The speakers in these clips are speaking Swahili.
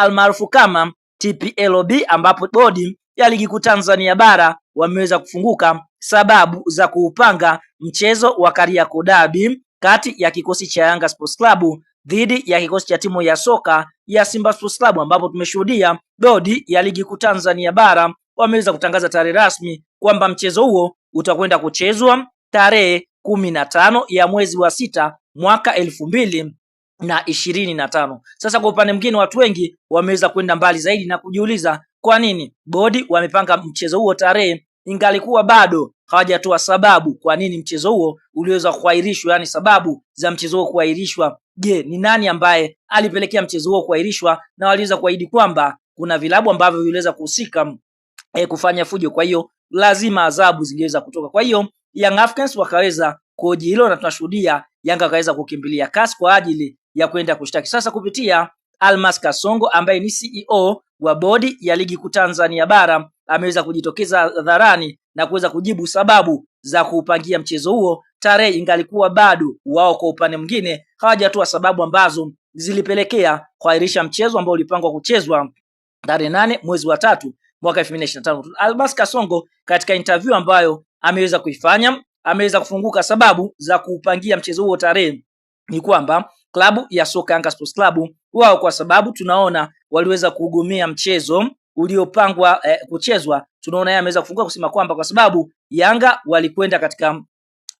almaarufu kama TPLB, ambapo bodi ya ligi kuu Tanzania bara wameweza kufunguka sababu za kuupanga mchezo wa Kariakoo Derby kati ya kikosi cha Yanga Sports Club dhidi ya kikosi cha timu ya soka ya Simba Sports Club, ambapo tumeshuhudia bodi ya ligi kuu Tanzania bara wameweza kutangaza tarehe rasmi kwamba mchezo huo utakwenda kuchezwa tarehe kumi na tano ya mwezi wa sita mwaka elfu mbili na ishirini na tano. Sasa kwa upande mwingine, watu wengi wameweza kwenda mbali zaidi na kujiuliza kwa nini bodi wamepanga mchezo huo tarehe, ingalikuwa bado hawajatoa sababu kwa nini mchezo huo uliweza kuahirishwa, yani sababu za mchezo huo kuahirishwa. Je, ni nani ambaye alipelekea mchezo huo kuahirishwa? Na waliweza kuahidi kwamba kuna vilabu ambavyo viliweza kuhusika eh, kufanya fujo, kwa hiyo lazima adhabu zingeweza kutoka. Kwa hiyo Young Africans wakaweza kuhoji hilo na tunashuhudia Yanga akaweza kukimbilia CAS kwa ajili ya kwenda kushtaki. Sasa kupitia Almas Kasongo ambaye ni CEO wa bodi ya ligi kuu Tanzania bara ameweza kujitokeza hadharani na kuweza kujibu sababu za kuupangia mchezo huo tarehe, ingalikuwa bado wao kwa upande mwingine hawajatoa sababu ambazo zilipelekea kuahirisha mchezo ambao ulipangwa kuchezwa tarehe nane mwezi wa tatu mwaka 2025. Almas Kasongo katika interview ambayo ameweza kuifanya ameweza kufunguka sababu za kuupangia mchezo huo tarehe ni kwamba klabu ya soka Yanga Sports Club wao, kwa sababu tunaona waliweza kuhudumia mchezo uliopangwa eh, kuchezwa. Tunaona yeye ameweza kufungua kusema kwamba kwa sababu Yanga walikwenda katika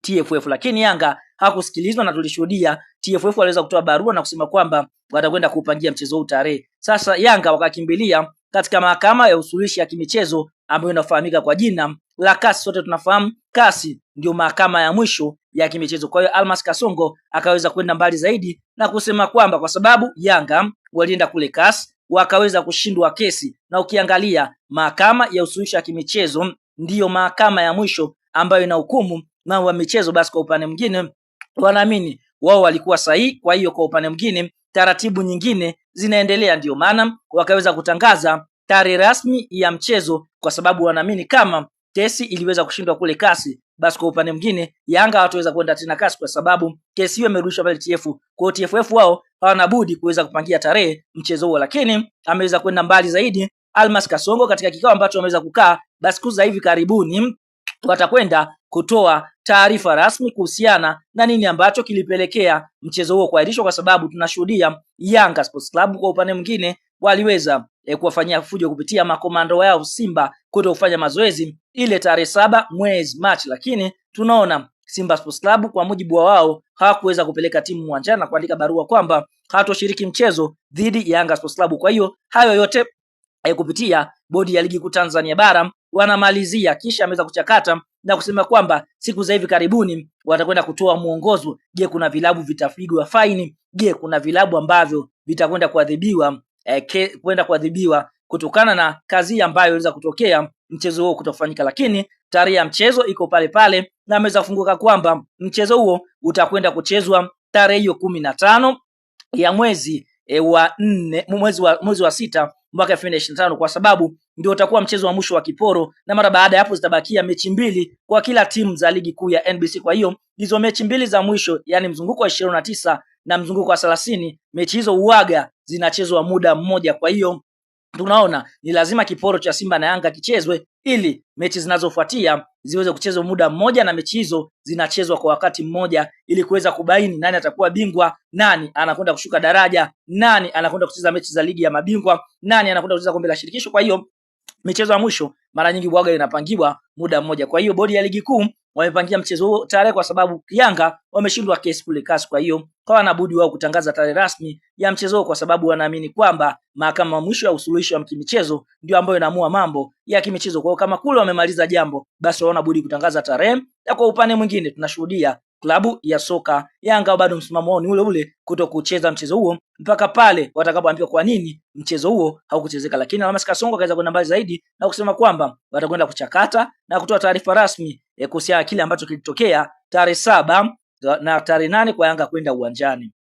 TFF lakini Yanga hakusikilizwa na tulishuhudia TFF waliweza kutoa barua na kusema kwamba watakwenda kuupangia mchezo huu tarehe. Sasa Yanga wakakimbilia katika mahakama ya usuluhishi ya kimichezo ambayo inafahamika kwa jina la CAS. Sote tunafahamu CAS ndio mahakama ya mwisho ya kimichezo. Kwa hiyo Almas Kasongo akaweza kwenda mbali zaidi na kusema kwamba kwa sababu Yanga walienda kule CAS wakaweza kushindwa kesi, na ukiangalia mahakama ya usuluhisho ya kimichezo ndiyo mahakama ya mwisho ambayo ina hukumu mambo ya michezo, basi kwa upande mwingine wanaamini wao walikuwa sahihi. Kwa hiyo kwa upande mwingine taratibu nyingine zinaendelea, ndiyo maana wakaweza kutangaza tarehe rasmi ya mchezo, kwa sababu wanaamini kama kesi iliweza kushindwa kule kasi, basi kwa upande mwingine Yanga hawataweza kwenda tena kasi, kwa sababu kesi hiyo imerudishwa pale TF. Kwa hiyo TFF wao hawana budi kuweza kupangia tarehe mchezo huo, lakini ameweza kwenda mbali zaidi Almas Kasongo katika kikao ambacho ameweza kukaa, basi siku za hivi karibuni watakwenda kutoa taarifa rasmi kuhusiana na nini ambacho kilipelekea mchezo huo kuahirishwa, kwa sababu tunashuhudia Yanga Sports Club kwa upande mwingine waliweza e, kuwafanyia fujo kupitia makomando yao Simba kuto kufanya mazoezi ile tarehe saba mwezi Machi, lakini tunaona Simba Sports Club kwa mujibu wa wao hawakuweza kupeleka timu uwanjani na kuandika barua kwamba hawatoshiriki mchezo dhidi ya Yanga Sports Club. Kwa hiyo hayo yote e, kupitia bodi ya ligi kuu Tanzania bara wanamalizia kisha ameweza kuchakata na kusema kwamba siku za hivi karibuni watakwenda kutoa mwongozo. Je, kuna vilabu vitapigwa faini? Je, kuna vilabu ambavyo vitakwenda kuadhibiwa eh, kwenda kuadhibiwa kutokana na kazi ambayo iliweza kutokea mchezo huo kutofanyika, lakini tarehe ya mchezo iko pale pale na ameweza kufunguka kwamba mchezo huo utakwenda kuchezwa tarehe hiyo kumi na tano ya mwezi e, wa nne mwezi wa, mwezi wa sita mwaka elfu mbili na ishirini na tano kwa sababu ndio utakuwa mchezo wa mwisho wa kiporo, na mara baada ya hapo zitabakia mechi mbili kwa kila timu za ligi kuu ya NBC. Kwa hiyo hizo mechi mbili za mwisho, yani mzunguko wa ishirini na tisa na mzunguko wa thelathini, mechi hizo uwaga zinachezwa muda mmoja. Kwa hiyo tunaona ni lazima kiporo cha Simba na Yanga kichezwe ili mechi zinazofuatia ziweze kuchezwa muda mmoja, na mechi hizo zinachezwa kwa wakati mmoja ili kuweza kubaini nani atakuwa bingwa, nani anakwenda kushuka daraja, nani anakwenda kucheza mechi za ligi ya mabingwa, nani anakwenda kucheza kombe la shirikisho. Kwa hiyo michezo ya mwisho mara nyingi bwaga inapangiwa muda mmoja. Kwa hiyo bodi ya ligi kuu wamepangia mchezo huo tarehe, kwa sababu Yanga wameshindwa kesi kule CAS. Kwa hiyo kwa budi wao kutangaza tarehe rasmi ya mchezo huo, kwa sababu wanaamini kwamba mahakama mwisho ya usuluhisho wa kimichezo ndio ambayo inaamua mambo ya kimichezo. Kwa hiyo kama kule wamemaliza jambo, basi wanabudi kutangaza tarehe, na kwa upande mwingine tunashuhudia klabu ya soka Yanga bado msimamo wao ni ule ule kuto kucheza mchezo huo mpaka pale watakapoambiwa kwa nini mchezo huo haukuchezeka. Lakini Almasi Kasongo akaweza kwenda mbali zaidi na kusema kwamba watakwenda kuchakata na kutoa taarifa rasmi eh, kuhusiana na kile ambacho kilitokea tarehe saba na tarehe nane kwa Yanga kwenda uwanjani.